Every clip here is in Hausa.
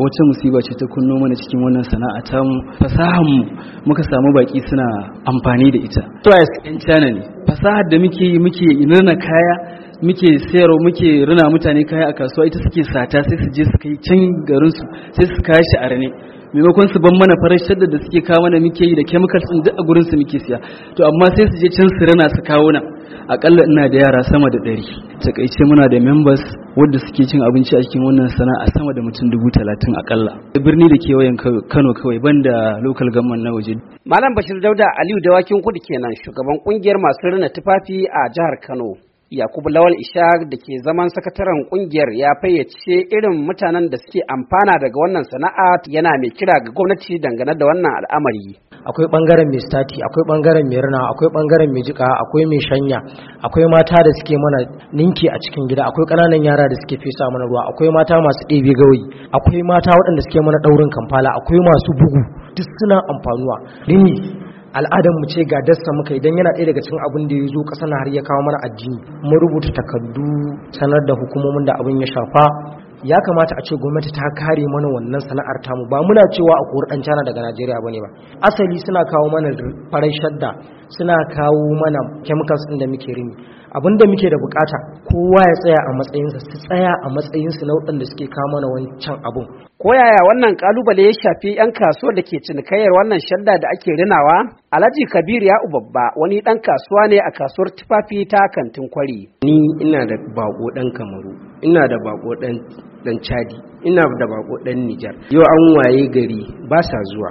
wata musiba ce ta kunno mana cikin wannan sana'a ta mu fasahar mu muka samu baki suna amfani da ita to yan China ne fasahar da muke yi muke rina kaya muke sayarwa muke rina mutane kaya a kasuwa ita suke sata sai su je su kai can garin su sai su kashi a rane maimakon su ban mana farar shadda da suke kawo mana muke yi da chemicals din duk a gurin su muke siya to amma sai su je can su rana su kawo nan akalla ina da yara sama da ɗari takaice muna da members wadda suke cin abinci a cikin wannan sana'a sama da mutum dubu talatin akalla birni da kewayen kano kawai banda local government na waje malam bashir dauda aliyu dawakin kudu kenan shugaban kungiyar masu rina tufafi a jihar kano Yakubu Lawal Ishaq da ke zaman sakataren kungiyar ya fayyace irin mutanen da suke amfana daga wannan sana'a yana mai kira ga gwamnati dangane da wannan al'amari. Akwai bangaren mai stati, akwai bangaren mai rina, akwai bangaren mai jika, akwai mai shanya, akwai mata da suke mana ninki a cikin gida, akwai ƙananan yara da suke fesa mana ruwa, akwai mata masu ɗebe gawayi, akwai mata waɗanda suke mana ɗaurin kamfala, akwai masu bugu, duk suna amfanuwa. Rini al'adar mu ce ga dassa muka idan yana ɗaya daga cikin abin da ya zo ƙasa na har ya kawo mana addini mu rubuta takardu sanar da hukumomin da abin ya shafa ya kamata a ce gwamnati ta kare mana wannan sana'ar tamu ba muna cewa a kori cana daga najeriya bane ba asali suna kawo mana farai shadda suna kawo mana chemicals din da muke rimi abin da muke da bukata kowa ya tsaya a matsayinsa su tsaya a matsayinsu na waɗanda suke kawo mana wancan abun ko yaya wannan kalubale ya shafi yan kasuwar da ke cinikayyar wannan shadda da ake rinawa alhaji kabir ya ubabba wani dan kasuwa ne a kasuwar tufafi ta kantin kwari ni ina da bako dan kamaru ina da bako dan chadi ina da bako dan nijar yau an waye gari ba sa zuwa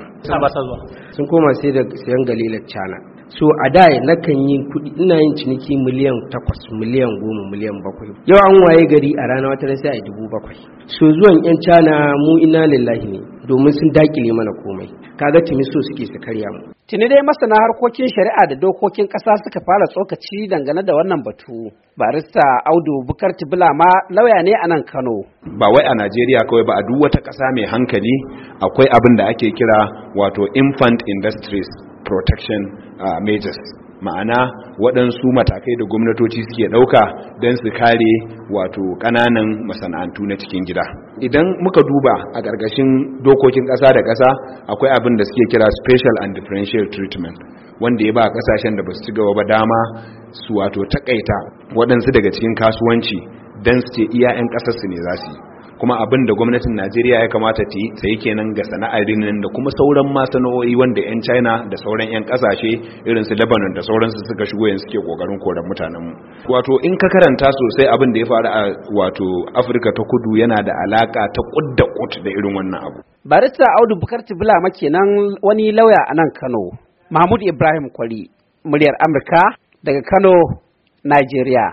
sun koma sai da sayan galilar cana so a da kan yi kudi ina yin ciniki miliyan takwas miliyan goma miliyan bakwai yau an waye gari a rana wata sai a dubu bakwai so zuwan yan cana mu ina lillahi ne domin sun dakile mana komai kaga tuni so suke su karya mu tuni dai masana harkokin shari'a da dokokin ƙasa suka fara tsokaci dangane da wannan batu barista audu bukar ma lauya ne a nan kano ba wai a najeriya kawai ba a duk wata ƙasa mai hankali akwai abin da ake kira wato infant industries protection uh, ah, measures ma'ana waɗansu matakai da gwamnatoci suke ɗauka don su kare wato ƙananan masana'antu na cikin gida idan muka duba a ƙarƙashin dokokin ƙasa da ƙasa akwai abin da suke kira special and differential treatment wanda ya ba ƙasashen da ba su ci gaba ba dama su wato taƙaita waɗansu daga cikin kasuwanci don su ce iya 'yan ƙasarsu ne za su yi kuma abin da gwamnatin najeriya ya kamata ta yi sai kenan ga sana'ar rinin da kuma sauran masana'o'i wanda 'yan china da sauran 'yan kasashe irin su lebanon da sauran su suka shigo yanzu suke kokarin koran mu. wato in ka karanta sosai abin da ya faru a wato afirka ta kudu yana da alaka ta kudda kut da irin wannan abu barista audu bukar make makenan wani lauya a nan kano mahmud ibrahim kwari muryar amurka daga kano nigeria